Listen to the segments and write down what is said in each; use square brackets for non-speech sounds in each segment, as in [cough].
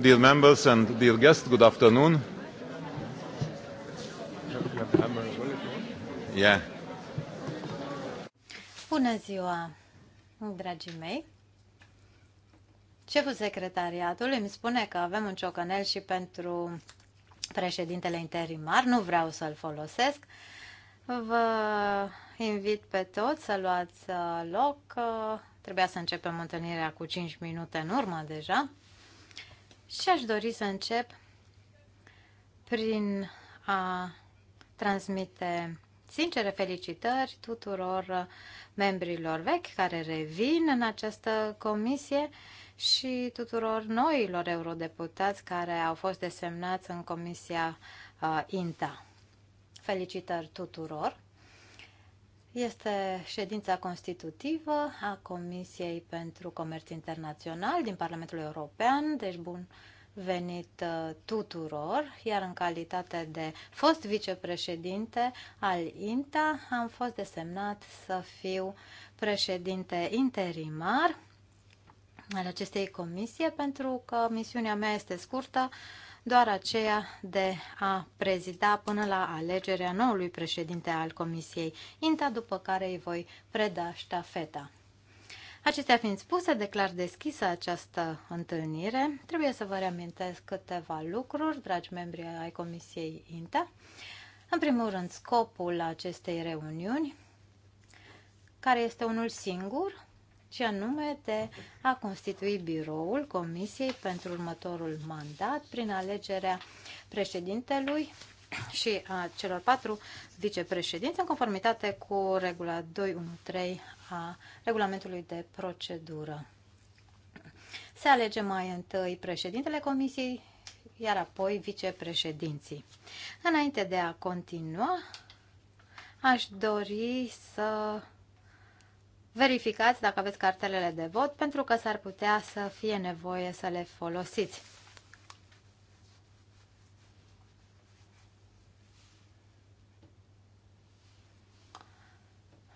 Dear members and dear guests, good afternoon. Yeah. Bună ziua, dragii mei. Șeful secretariatului îmi spune că avem un ciocanel și pentru președintele interimar. Nu vreau să-l folosesc. Vă invit pe toți să luați loc. Trebuia să începem întâlnirea cu 5 minute în urmă deja. Și aș dori să încep prin a transmite sincere felicitări tuturor membrilor vechi care revin în această comisie și tuturor noilor eurodeputați care au fost desemnați în comisia uh, INTA. Felicitări tuturor! Este ședința constitutivă a Comisiei pentru Comerț Internațional din Parlamentul European, deci bun venit uh, tuturor, iar în calitate de fost vicepreședinte al INTA am fost desemnat să fiu președinte interimar al acestei comisie pentru că misiunea mea este scurtă, doar aceea de a prezida până la alegerea noului președinte al Comisiei INTA, după care îi voi preda ștafeta. Acestea fiind spuse, declar deschisă această întâlnire. Trebuie să vă reamintesc câteva lucruri, dragi membri ai Comisiei INTA. În primul rând, scopul acestei reuniuni, care este unul singur, și anume de a constitui biroul Comisiei pentru următorul mandat prin alegerea președintelui și a celor patru vicepreședinți în conformitate cu regula 213 a regulamentului de procedură. Se alege mai întâi președintele Comisiei, iar apoi vicepreședinții. Înainte de a continua, aș dori să verificați dacă aveți cartelele de vot, pentru că s-ar putea să fie nevoie să le folosiți.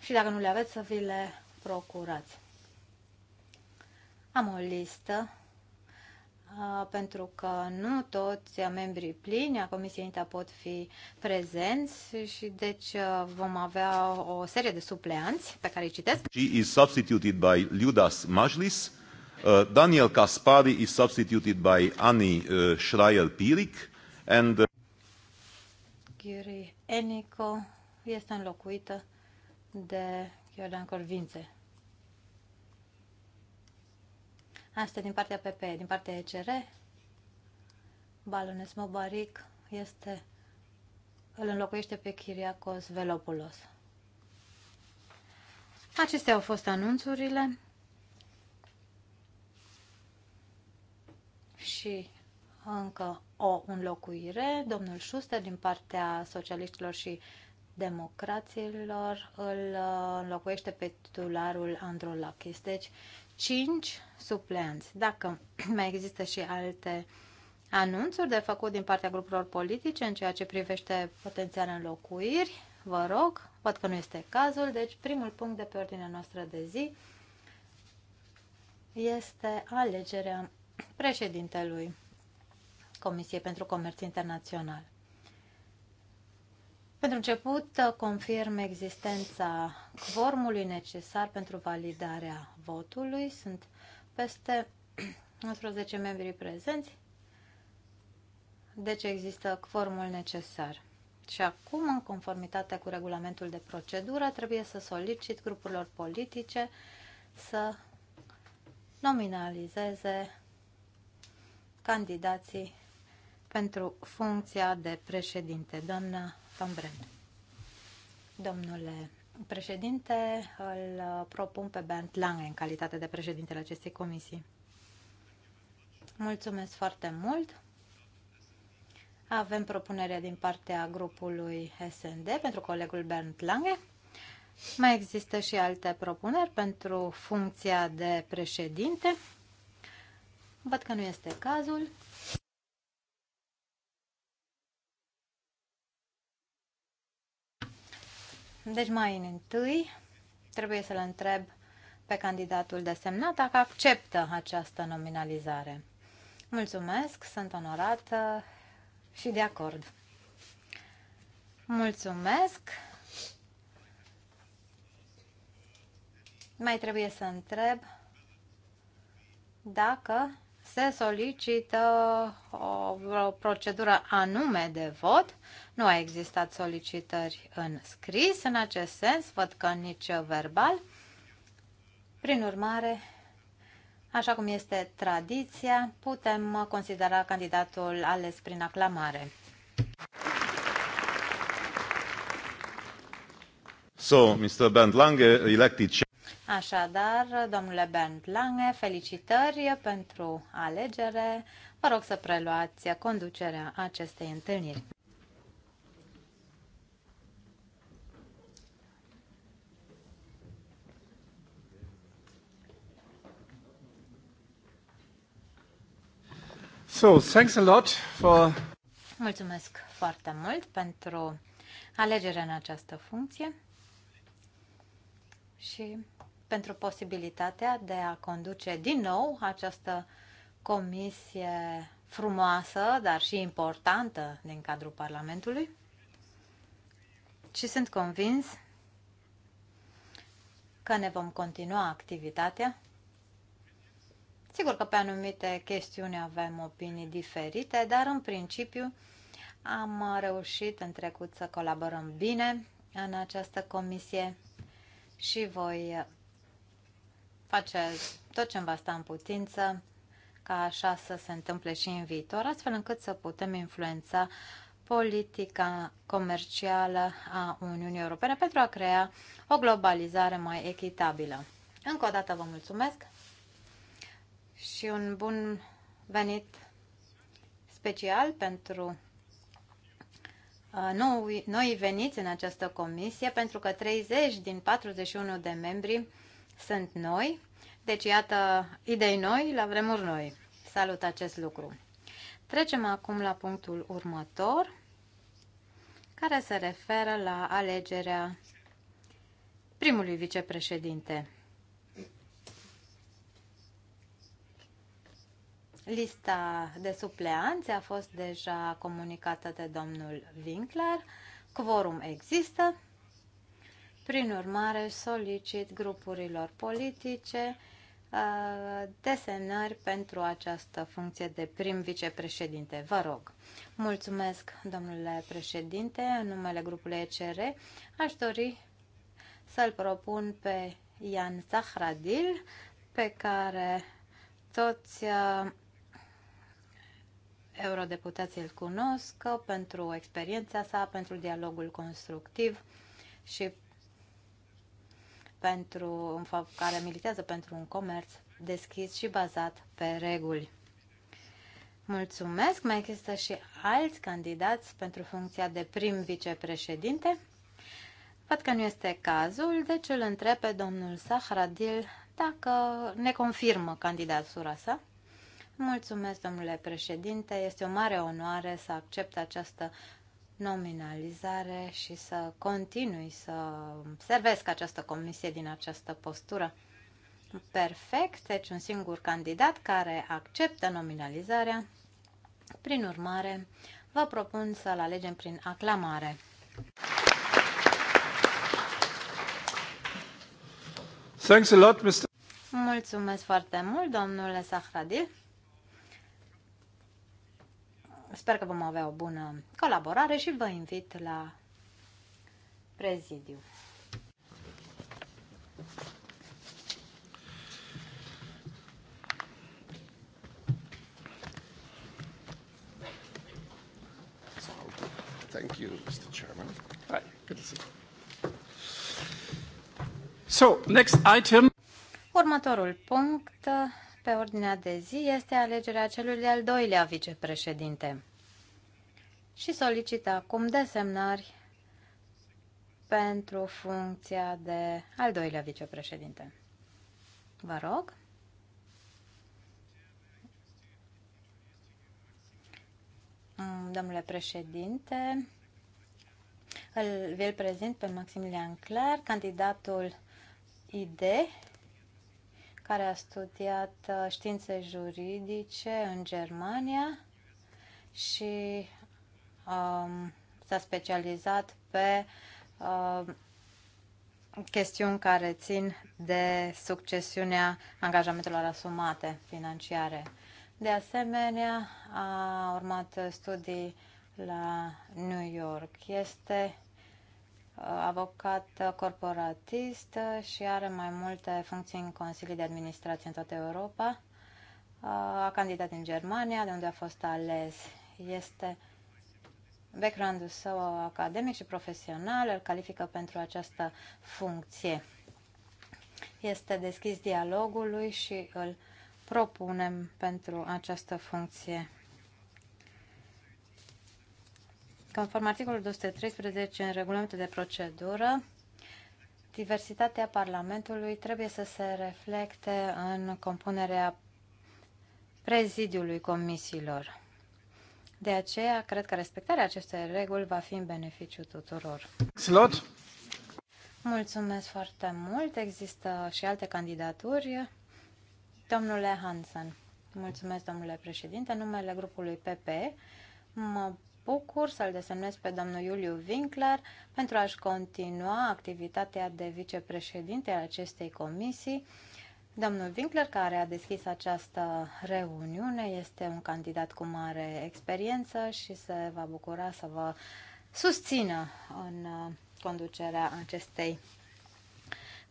Și dacă nu le aveți, să vi le procurați. Am o listă Ah, pentru că nu toți membrii plini a Comisiei INTA pot fi prezenți și deci ah, vom avea o serie de supleanți pe care îi citesc. She is substituted by Ludas Majlis, uh, Daniel Kaspari is substituted by Annie uh, Schreier-Piric and... Giri Enico este înlocuită de Iordan Corvințe. Asta din partea PP, din partea ECR. Balones Mobaric este, îl înlocuiește pe Chiriacos Velopulos. Acestea au fost anunțurile și încă o înlocuire. Domnul Schuster din partea socialiștilor și democraților îl înlocuiește pe titularul Androlakis. Deci 5 supleanți. Dacă [clears throat] mai există și alte anunțuri de făcut din partea grupurilor politice în ceea ce privește potențiale înlocuiri, vă rog, văd că nu este cazul, deci primul punct de pe ordinea noastră de zi este alegerea [clears throat] președintelui Comisiei pentru Comerț Internațional. Pentru început, confirm existența quormului necesar pentru validarea votului. Sunt peste 11 [clears throat] membri prezenți, deci există quormul necesar. Și acum, în conformitate cu regulamentul de procedură, trebuie să solicit grupurilor politice să nominalizeze candidații pentru funcția de președinte. Doamna Van Domnule președinte, îl propun pe Bernd Lange în calitate de președintele acestei comisii. Mulțumesc foarte mult! Avem propunerea din partea grupului SND pentru colegul Bernd Lange. Mai există și alte propuneri pentru funcția de președinte. Văd că nu este cazul. Deci mai întâi trebuie să-l întreb pe candidatul desemnat dacă acceptă această nominalizare. Mulțumesc, sunt onorată și de acord. Mulțumesc. Mai trebuie să întreb dacă se solicită o, o procedură anume de vot. Nu a existat solicitări în scris în acest sens, văd că nici verbal. Prin urmare, așa cum este tradiția, putem considera candidatul ales prin aclamare. So, Mr. Bernd Lange, elected Așadar, domnule Bernd Lange, felicitări pentru alegere. Vă rog să preluați conducerea acestei întâlniri. So, thanks a lot for... Mulțumesc foarte mult pentru alegerea în această funcție și pentru posibilitatea de a conduce din nou această comisie frumoasă, dar și importantă din cadrul Parlamentului. Și sunt convins că ne vom continua activitatea. Sigur că pe anumite chestiuni avem opinii diferite, dar în principiu am reușit în trecut să colaborăm bine în această comisie și voi face tot ce îmi va sta în putință ca așa să se întâmple și în viitor, astfel încât să putem influența politica comercială a Uniunii Europene pentru a crea o globalizare mai echitabilă. Încă o dată vă mulțumesc și un bun venit special pentru uh, noi veniți în această comisie, pentru că 30 din 41 de membri sunt noi, deci iată idei noi la vremuri noi. Salut acest lucru. Trecem acum la punctul următor, care se referă la alegerea primului vicepreședinte. Lista de supleanți a fost deja comunicată de domnul Winkler. Quorum există. Prin urmare, solicit grupurilor politice uh, desemnări pentru această funcție de prim vicepreședinte. Vă rog. Mulțumesc, domnule președinte. În numele grupului ECR aș dori să-l propun pe Ian Zahradil, pe care toți uh, eurodeputații îl cunosc pentru experiența sa, pentru dialogul constructiv și pentru, care militează pentru un comerț deschis și bazat pe reguli. Mulțumesc! Mai există și alți candidați pentru funcția de prim vicepreședinte. Văd că nu este cazul, deci îl întreb pe domnul Sahradil dacă ne confirmă candidatura sa. Mulțumesc, domnule președinte. Este o mare onoare să accept această nominalizare și să continui să servesc această comisie din această postură. Perfect, deci un singur candidat care acceptă nominalizarea. Prin urmare, vă propun să-l alegem prin aclamare. Thanks a lot, Mr. Mulțumesc foarte mult, domnule Sahradil. Sper că vom avea o bună colaborare și vă invit la prezidiu. Thank you, Mr. Chairman. Hi, good to see you. So, next item. Următorul punct pe ordinea de zi este alegerea celui de-al doilea vicepreședinte și solicită acum desemnări pentru funcția de al doilea vicepreședinte. Vă rog. Domnule președinte, îl, vi prezint pe Maximilian Clar, candidatul ID care a studiat uh, științe juridice în Germania și um, s-a specializat pe um, chestiuni care țin de succesiunea angajamentelor asumate financiare. De asemenea, a urmat studii la New York. Este avocat corporatist și are mai multe funcții în Consilii de Administrație în toată Europa. A candidat în Germania, de unde a fost ales. Este background-ul său academic și profesional, îl califică pentru această funcție. Este deschis dialogului și îl propunem pentru această funcție. Conform articolul 213 în regulamentul de procedură, diversitatea Parlamentului trebuie să se reflecte în compunerea prezidiului comisiilor. De aceea, cred că respectarea acestei reguli va fi în beneficiu tuturor. Slot. Mulțumesc foarte mult. Există și alte candidaturi. Domnule Hansen, mulțumesc, domnule președinte. Numele grupului PP mă bucur să-l desemnez pe domnul Iuliu Winkler pentru a-și continua activitatea de vicepreședinte a acestei comisii. Domnul Winkler, care a deschis această reuniune, este un candidat cu mare experiență și se va bucura să vă susțină în uh, conducerea acestei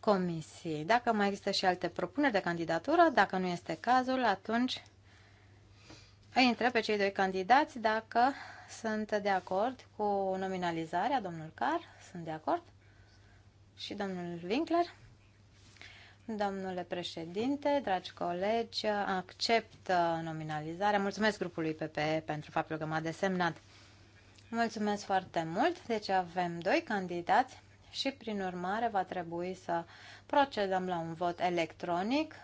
comisii. Dacă mai există și alte propuneri de candidatură, dacă nu este cazul, atunci îi întreb pe cei doi candidați dacă sunt de acord cu nominalizarea, domnul Car, sunt de acord, și domnul Winkler. Domnule președinte, dragi colegi, accept uh, nominalizarea. Mulțumesc grupului PPE pentru faptul că m-a desemnat. Mulțumesc foarte mult. Deci avem doi candidați și prin urmare va trebui să procedăm la un vot electronic,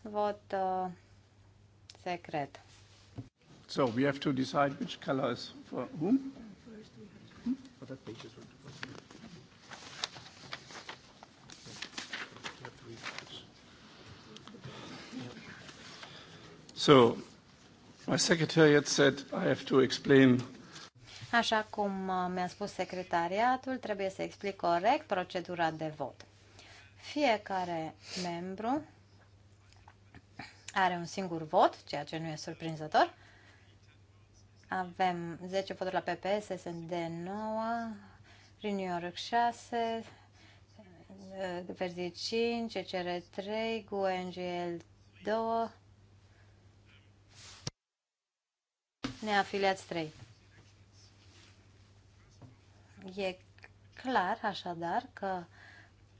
vot uh, secret. So we have to decide which color is for whom? So, my secretariat said I have to explain Așa cum uh, mi-a spus secretariatul, trebuie să explic corect procedura de vot. Fiecare membru are un singur vot, ceea ce nu e surprinzător, avem 10 voturi la PP, SSD 9, Renew York 6, eh, Verzi 5, CCR 3, GUNGL 2, neafiliați 3. E clar, așadar, că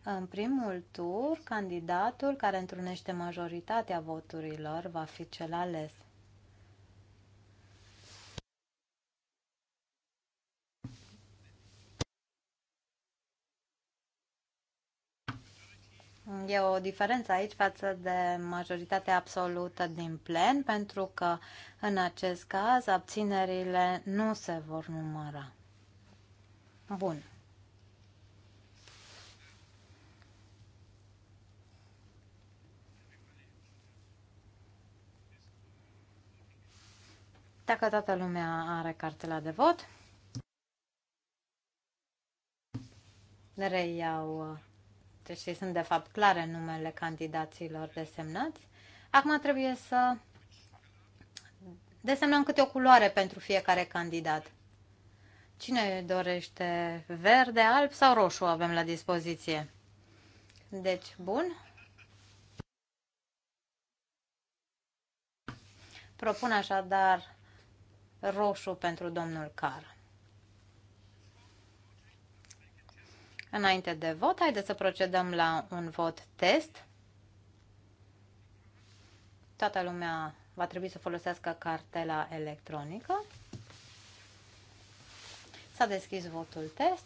în primul tur, candidatul care întrunește majoritatea voturilor va fi cel ales. e o diferență aici față de majoritatea absolută din plen, pentru că în acest caz abținerile nu se vor număra. Bun. Dacă toată lumea are cartela de vot, reiau uh, și sunt de fapt clare numele candidaților desemnați. Acum trebuie să desemnăm câte o culoare pentru fiecare candidat. Cine dorește verde, alb sau roșu avem la dispoziție? Deci, bun. Propun așadar roșu pentru domnul Car. Înainte de vot, haideți să procedăm la un vot test. Toată lumea va trebui să folosească cartela electronică. S-a deschis votul test.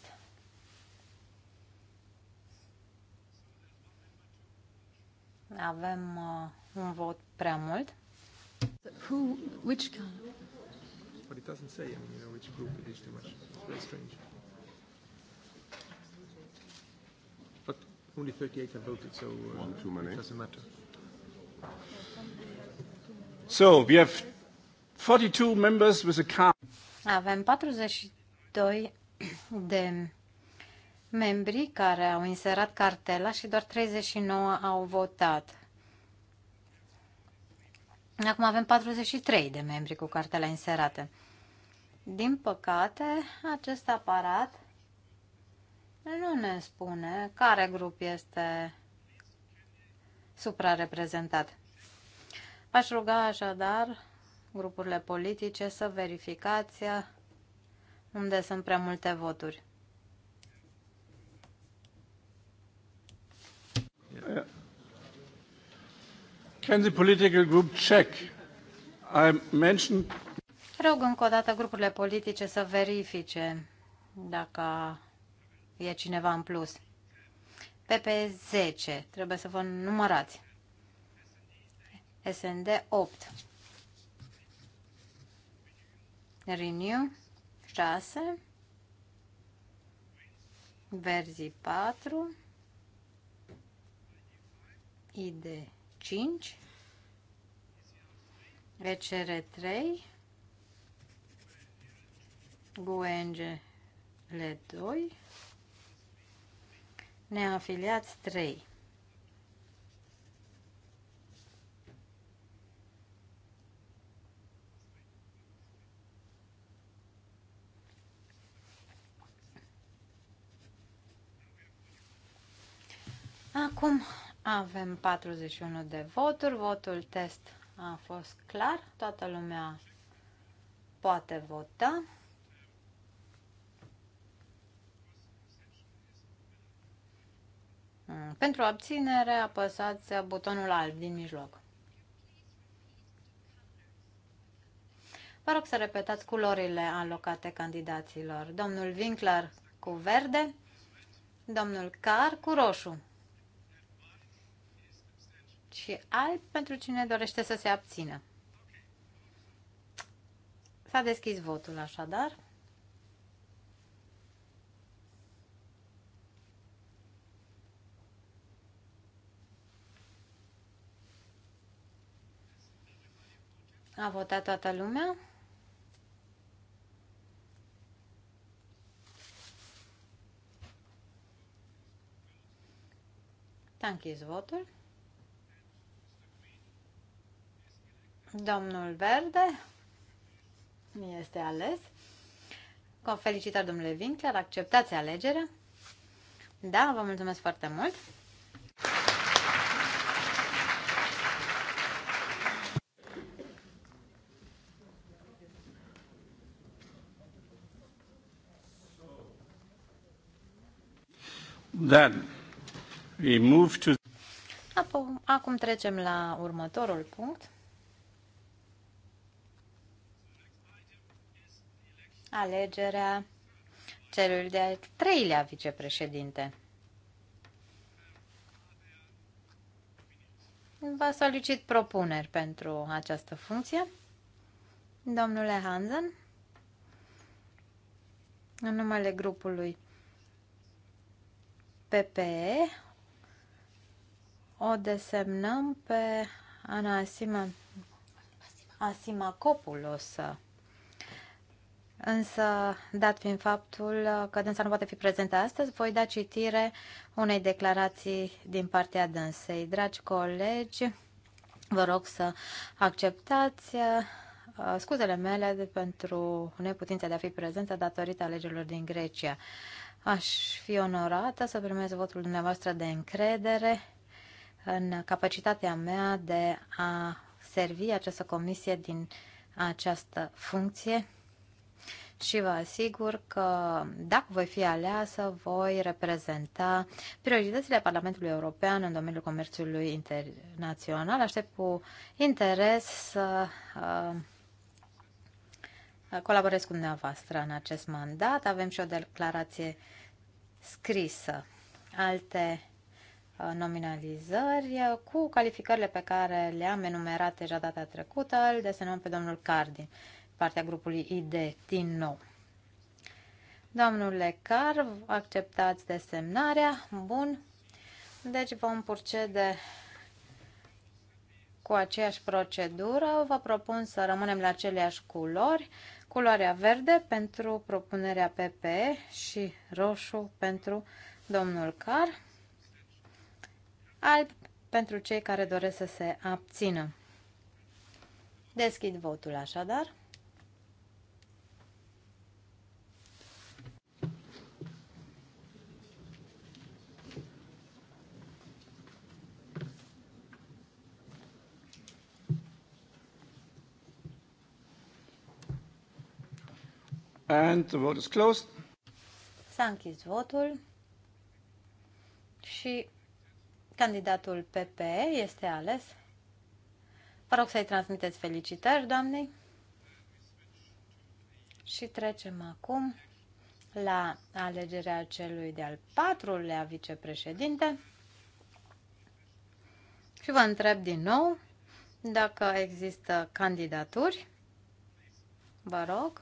Avem uh, un vot prea mult. Who, which But it doesn't say, I mean, you know, which group it is too much. It's very strange. Only 38 have voted, so uh, One too many. it doesn't matter. So, we have 42 members with a card. Avem 42 de membri care au inserat cartela și doar 39 au votat. Acum avem 43 de membri cu cartela inserate. Din păcate, acest aparat nu ne spune care grup este suprareprezentat. Aș ruga așadar grupurile politice să verificați unde sunt prea multe voturi. Can the political group check? I mentioned... Rog încă o dată grupurile politice să verifice dacă e cineva în plus. PP10, trebuie să vă numărați. SND 8. Renew 6. Verzi 4. ID 5. VCR 3. Guengele 2 neafiliați 3. Acum avem 41 de voturi, votul test a fost clar, toată lumea poate vota. Mm, pentru abținere apăsați butonul alb din mijloc. Vă rog să repetați culorile alocate candidaților. Domnul Winkler cu verde, domnul Car cu roșu și alb pentru cine dorește să se abțină. S-a deschis votul așadar. A votat toată lumea? S-a închis votul. Domnul Verde este ales. Felicitări, domnule Vincler, acceptați alegerea. Da, vă mulțumesc foarte mult. Acum, acum trecem la următorul punct. Alegerea celui de-al treilea vicepreședinte. Vă solicit propuneri pentru această funcție. Domnule Hansen, în numele grupului PPE o desemnăm pe Anasima, Asima, Copulosă. Însă, dat fiind faptul că dânsa nu poate fi prezentă astăzi, voi da citire unei declarații din partea dânsei. Dragi colegi, vă rog să acceptați uh, scuzele mele pentru neputința de a fi prezentă datorită alegerilor din Grecia. Aș fi onorată să primez votul dumneavoastră de încredere în capacitatea mea de a servi această comisie din această funcție și vă asigur că dacă voi fi aleasă, voi reprezenta prioritățile Parlamentului European în domeniul comerțului internațional. Aștept cu interes să uh, colaborez cu dumneavoastră în acest mandat. Avem și o declarație scrisă. Alte uh, nominalizări uh, cu calificările pe care le-am enumerat deja data trecută, îl desenăm pe domnul Cardin, partea grupului ID din nou. Domnule Car, acceptați desemnarea. Bun. Deci vom procede cu aceeași procedură. Vă propun să rămânem la aceleași culori culoarea verde pentru propunerea PPE și roșu pentru domnul Car, alb pentru cei care doresc să se abțină. Deschid votul așadar. And the vote is closed. S-a închis votul și candidatul PPE este ales. Vă rog să-i transmiteți felicitări, doamnei. Și trecem acum la alegerea celui de-al patrulea vicepreședinte. Și vă întreb din nou dacă există candidaturi. Vă rog.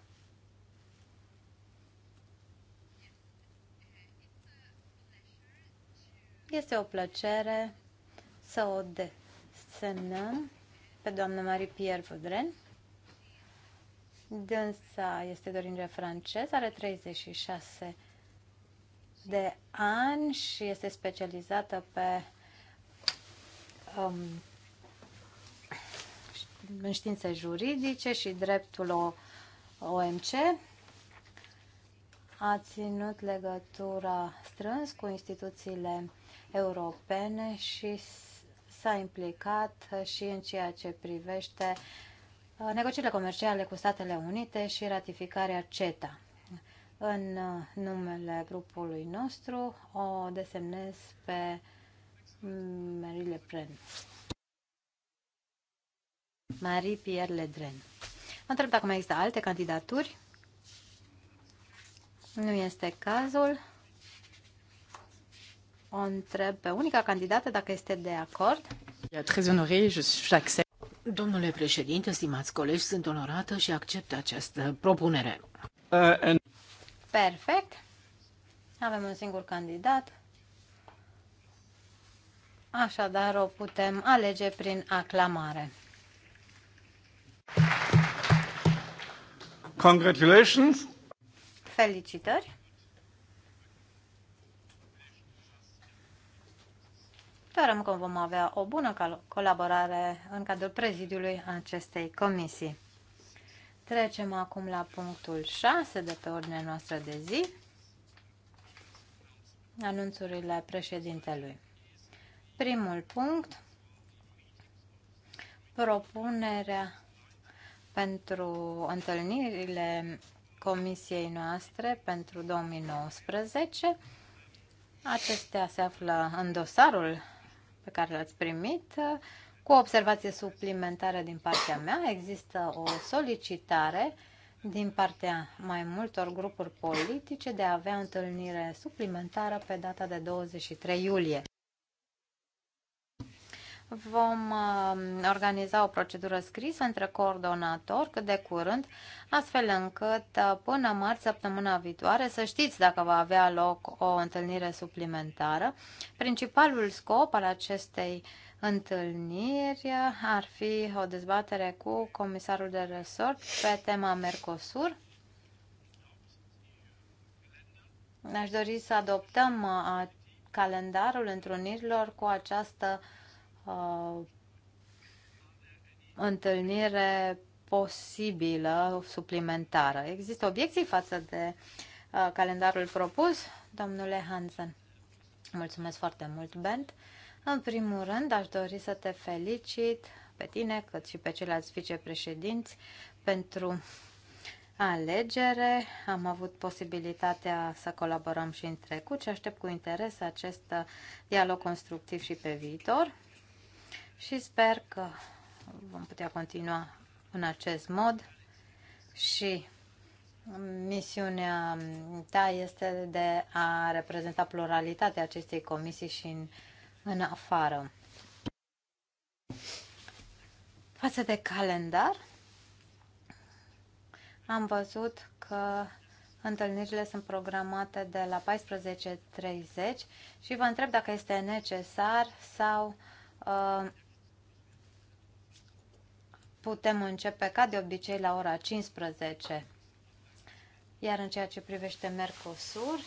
Este o plăcere să o desemnăm pe doamna Marie-Pierre Vaudren. Dânsa este de origine franceză, are 36 de ani și este specializată pe um, în științe juridice și dreptul OMC. A ținut legătura strâns cu instituțiile europene și s-a implicat și în ceea ce privește uh, negocierile comerciale cu Statele Unite și ratificarea CETA. În uh, numele grupului nostru o desemnez pe mm, Marie Pren. Marie-Pierre Ledren. Mă întreb dacă mai există alte candidaturi. Nu este cazul o întreb pe unica candidată dacă este de acord. Domnule președinte, stimați colegi, sunt onorată și accept această propunere. Uh, Perfect. Avem un singur candidat. Așadar, o putem alege prin aclamare. Congratulations! Felicitări! Sperăm că vom avea o bună colaborare în cadrul prezidiului acestei comisii. Trecem acum la punctul 6 de pe ordinea noastră de zi, anunțurile președintelui. Primul punct, propunerea pentru întâlnirile comisiei noastre pentru 2019. Acestea se află în dosarul pe care l-ați primit. Cu o observație suplimentară din partea mea, există o solicitare din partea mai multor grupuri politice de a avea întâlnire suplimentară pe data de 23 iulie vom uh, organiza o procedură scrisă între coordonator cât de curând, astfel încât uh, până marți săptămâna viitoare să știți dacă va avea loc o întâlnire suplimentară. Principalul scop al acestei întâlniri ar fi o dezbatere cu comisarul de resort pe tema Mercosur. Aș dori să adoptăm uh, calendarul întrunirilor cu această uh, uh, întâlnire posibilă, suplimentară. Există obiecții față de uh, calendarul propus, domnule Hansen? Mulțumesc foarte mult, Bent. În primul rând, aș dori să te felicit pe tine, cât și pe ceilalți vicepreședinți, pentru alegere. Am avut posibilitatea să colaborăm și în trecut și aștept cu interes acest uh, dialog constructiv și pe viitor și sper că vom putea continua în acest mod și misiunea ta este de a reprezenta pluralitatea acestei comisii și în, în afară. Față de calendar, am văzut că întâlnirile sunt programate de la 14.30 și vă întreb dacă este necesar sau uh, putem începe ca de obicei la ora 15. Iar în ceea ce privește Mercosur,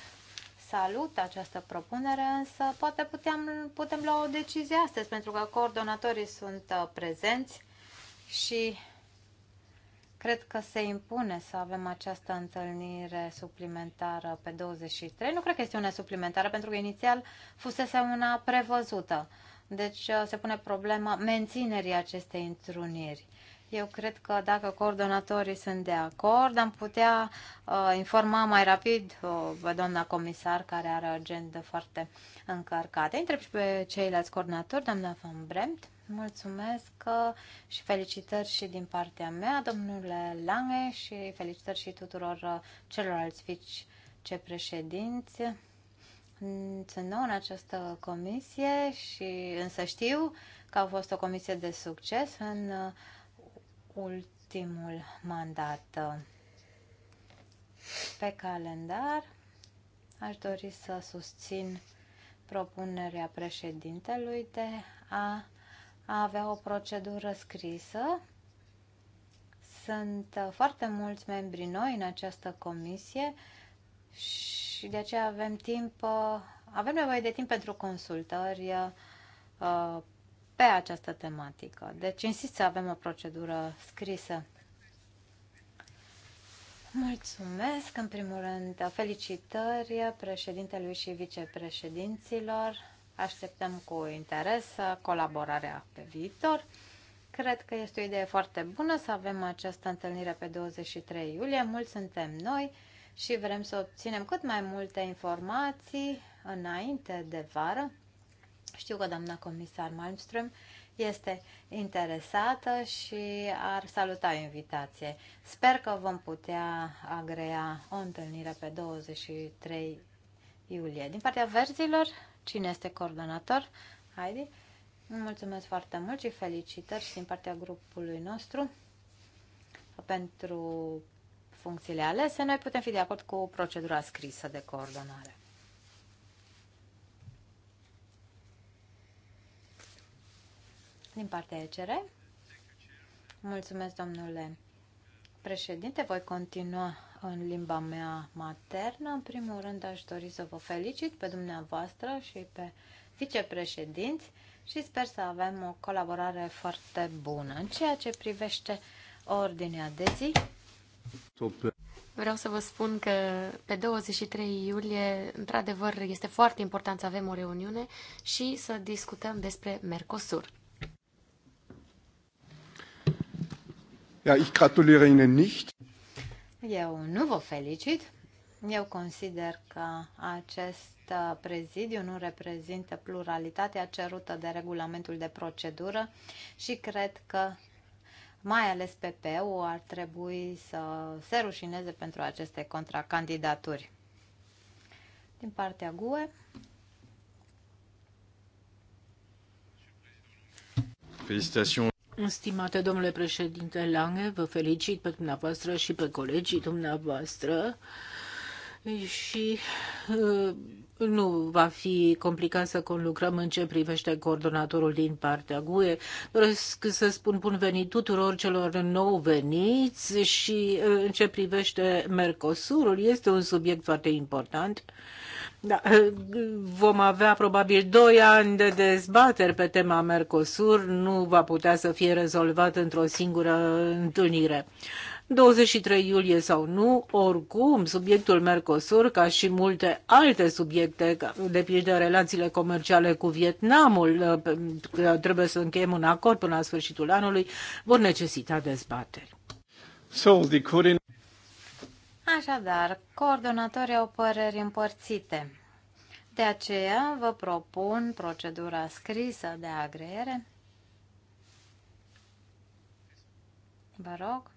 salut această propunere, însă poate putem, putem lua o decizie astăzi, pentru că coordonatorii sunt uh, prezenți și cred că se impune să avem această întâlnire suplimentară pe 23. Nu cred că este una suplimentară, pentru că inițial fusese una prevăzută. Deci uh, se pune problema menținerii acestei întruniri. Eu cred că dacă coordonatorii sunt de acord, am putea uh, informa mai rapid uh, doamna comisar, care are agenda foarte încărcată. Întreb și pe ceilalți coordonatori, doamna Van Bremt. Mulțumesc uh, și felicitări și din partea mea, domnule Lange, și felicitări și tuturor uh, celorlalți președinți sunt nou în această comisie și însă știu că a fost o comisie de succes în uh, ultimul mandat. Uh, pe calendar aș dori să susțin propunerea președintelui de a avea o procedură scrisă. Sunt uh, foarte mulți membri noi în această comisie și și de aceea avem timp, uh, avem nevoie de timp pentru consultări uh, pe această tematică. Deci insist să avem o procedură scrisă. Mulțumesc, în primul rând, felicitări președintelui și vicepreședinților. Așteptăm cu interes colaborarea pe viitor. Cred că este o idee foarte bună să avem această întâlnire pe 23 iulie. Mulți suntem noi și vrem să obținem cât mai multe informații înainte de vară. Știu că doamna comisar Malmström este interesată și ar saluta o invitație. Sper că vom putea agrea o întâlnire pe 23 iulie. Din partea verzilor, cine este coordonator? Heidi, mulțumesc foarte mult și felicitări și din partea grupului nostru pentru funcțiile alese, noi putem fi de acord cu procedura scrisă de coordonare. Din partea ECR. Mulțumesc, domnule președinte. Voi continua în limba mea maternă. În primul rând, aș dori să vă felicit pe dumneavoastră și pe vicepreședinți și sper să avem o colaborare foarte bună. În ceea ce privește ordinea de zi, Vreau să vă spun că pe 23 iulie, într-adevăr, este foarte important să avem o reuniune și să discutăm despre Mercosur. Ja, ich gratuliere Ihnen nicht. Eu nu vă felicit. Eu consider că acest uh, prezidiu nu reprezintă pluralitatea cerută de regulamentul de procedură și cred că mai ales PP-ul, ar trebui să se rușineze pentru aceste contracandidaturi. Din partea GUE. Felicitațiuni. Stimate domnule președinte Lange, vă felicit pe dumneavoastră și pe colegii dumneavoastră și uh, nu va fi complicat să conlucrăm în ce privește coordonatorul din partea GUE. Doresc să spun bun venit tuturor celor nou veniți și uh, în ce privește Mercosurul, este un subiect foarte important. Da, uh, vom avea probabil doi ani de dezbateri pe tema Mercosur, nu va putea să fie rezolvat într-o singură întâlnire. 23 iulie sau nu, oricum, subiectul Mercosur, ca și multe alte subiecte, de pildă relațiile comerciale cu Vietnamul, uh, uh, trebuie să încheiem un acord până la sfârșitul anului, vor necesita dezbateri. So, the coordin- Așadar, coordonatorii au păreri împărțite. De aceea vă propun procedura scrisă de agreere. Vă rog.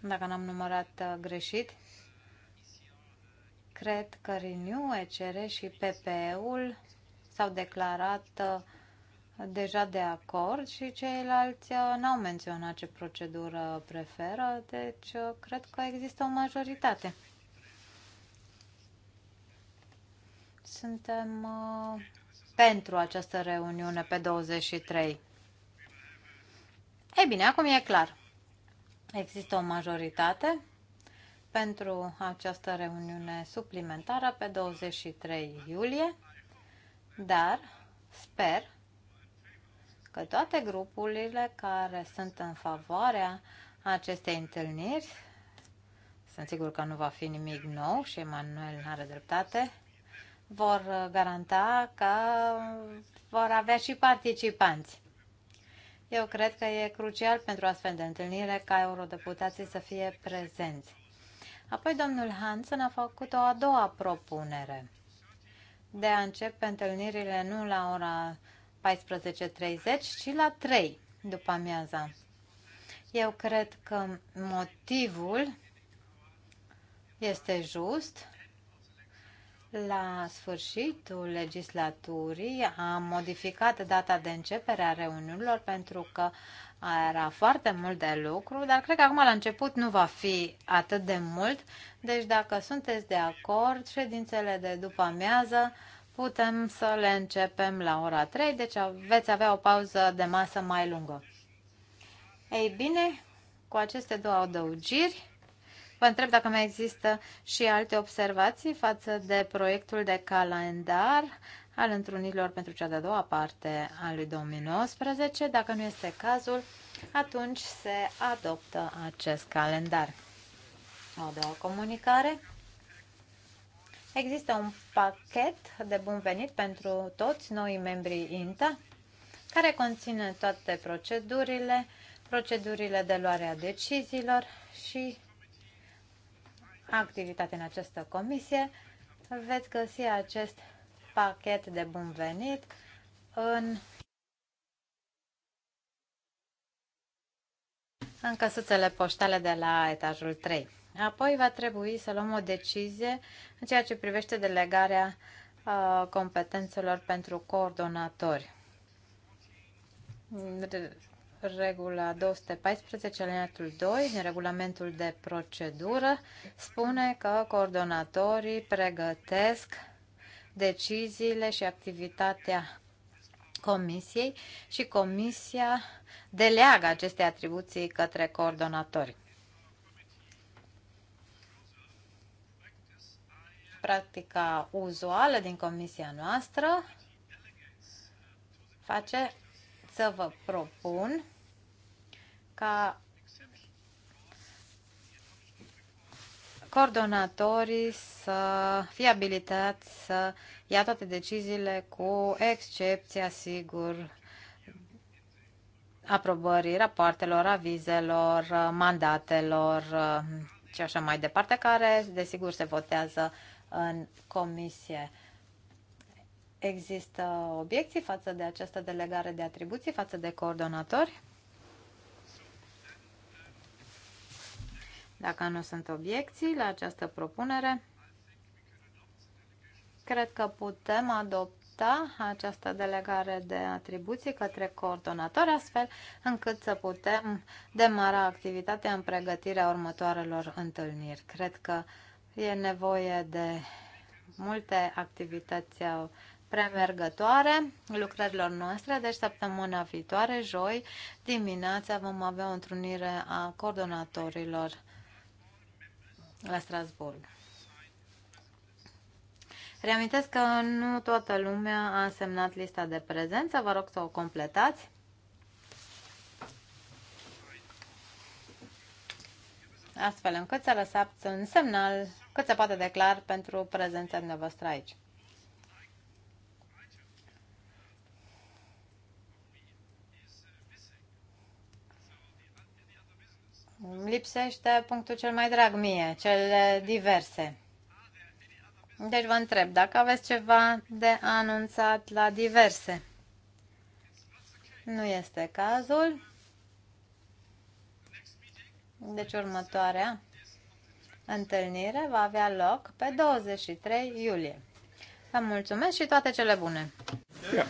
dacă n-am numărat uh, greșit. Cred că Renew, ECR și PPE-ul s-au declarat uh, deja de acord și ceilalți uh, n-au menționat ce procedură preferă, deci cred că există o majoritate. Suntem pentru această reuniune pe 23. Ei bine, acum e clar. Există o majoritate pentru această reuniune suplimentară pe 23 iulie, dar sper că toate grupurile care sunt în favoarea acestei întâlniri, sunt sigur că nu va fi nimic nou și Emanuel are dreptate, vor garanta că vor avea și participanți. Eu cred că e crucial pentru astfel de întâlnire ca eurodeputații să fie prezenți. Apoi domnul Hansen a făcut o a doua propunere de a începe întâlnirile nu la ora 14.30, ci la 3 după amiaza. Eu cred că motivul este just la sfârșitul legislaturii am modificat data de începere a reuniunilor pentru că era foarte mult de lucru, dar cred că acum la început nu va fi atât de mult. Deci dacă sunteți de acord, ședințele de după amiază putem să le începem la ora 3, deci veți avea o pauză de masă mai lungă. Ei bine, cu aceste două adăugiri, Vă întreb dacă mai există și alte observații față de proiectul de calendar al întrunirilor pentru cea de-a doua parte a lui 2019. Dacă nu este cazul, atunci se adoptă acest calendar. O doua comunicare. Există un pachet de bun venit pentru toți noi membrii INTA, care conține toate procedurile, procedurile de luare a deciziilor și activitate în această comisie, veți găsi acest pachet de bun venit în, în căsuțele poștale de la etajul 3. Apoi va trebui să luăm o decizie în ceea ce privește delegarea uh, competențelor pentru coordonatori regula 214, alineatul 2, din regulamentul de procedură, spune că coordonatorii pregătesc deciziile și activitatea comisiei și comisia deleagă aceste atribuții către coordonatori. Practica uzuală din comisia noastră face să vă propun ca coordonatorii să fie abilitați să ia toate deciziile cu excepția, sigur, aprobării rapoartelor, avizelor, mandatelor uh, și așa mai departe, care, desigur, se votează în comisie. Există obiecții față de această delegare de atribuții, față de coordonatori? Dacă nu sunt obiecții la această propunere, cred că putem adopta această delegare de atribuții către coordonatori, astfel încât să putem demara activitatea în pregătirea următoarelor întâlniri. Cred că e nevoie de multe activități premergătoare lucrărilor noastre, deci săptămâna viitoare, joi, dimineața, vom avea o întrunire a coordonatorilor la Strasburg. Reamintesc că nu toată lumea a semnat lista de prezență, vă rog să o completați. astfel încât să lăsați un semnal cât se poate declar pentru prezența dumneavoastră aici. lipsește punctul cel mai drag mie, cele diverse. Deci vă întreb dacă aveți ceva de anunțat la diverse. Nu este cazul. Deci următoarea întâlnire va avea loc pe 23 iulie. Vă mulțumesc și toate cele bune! Yeah.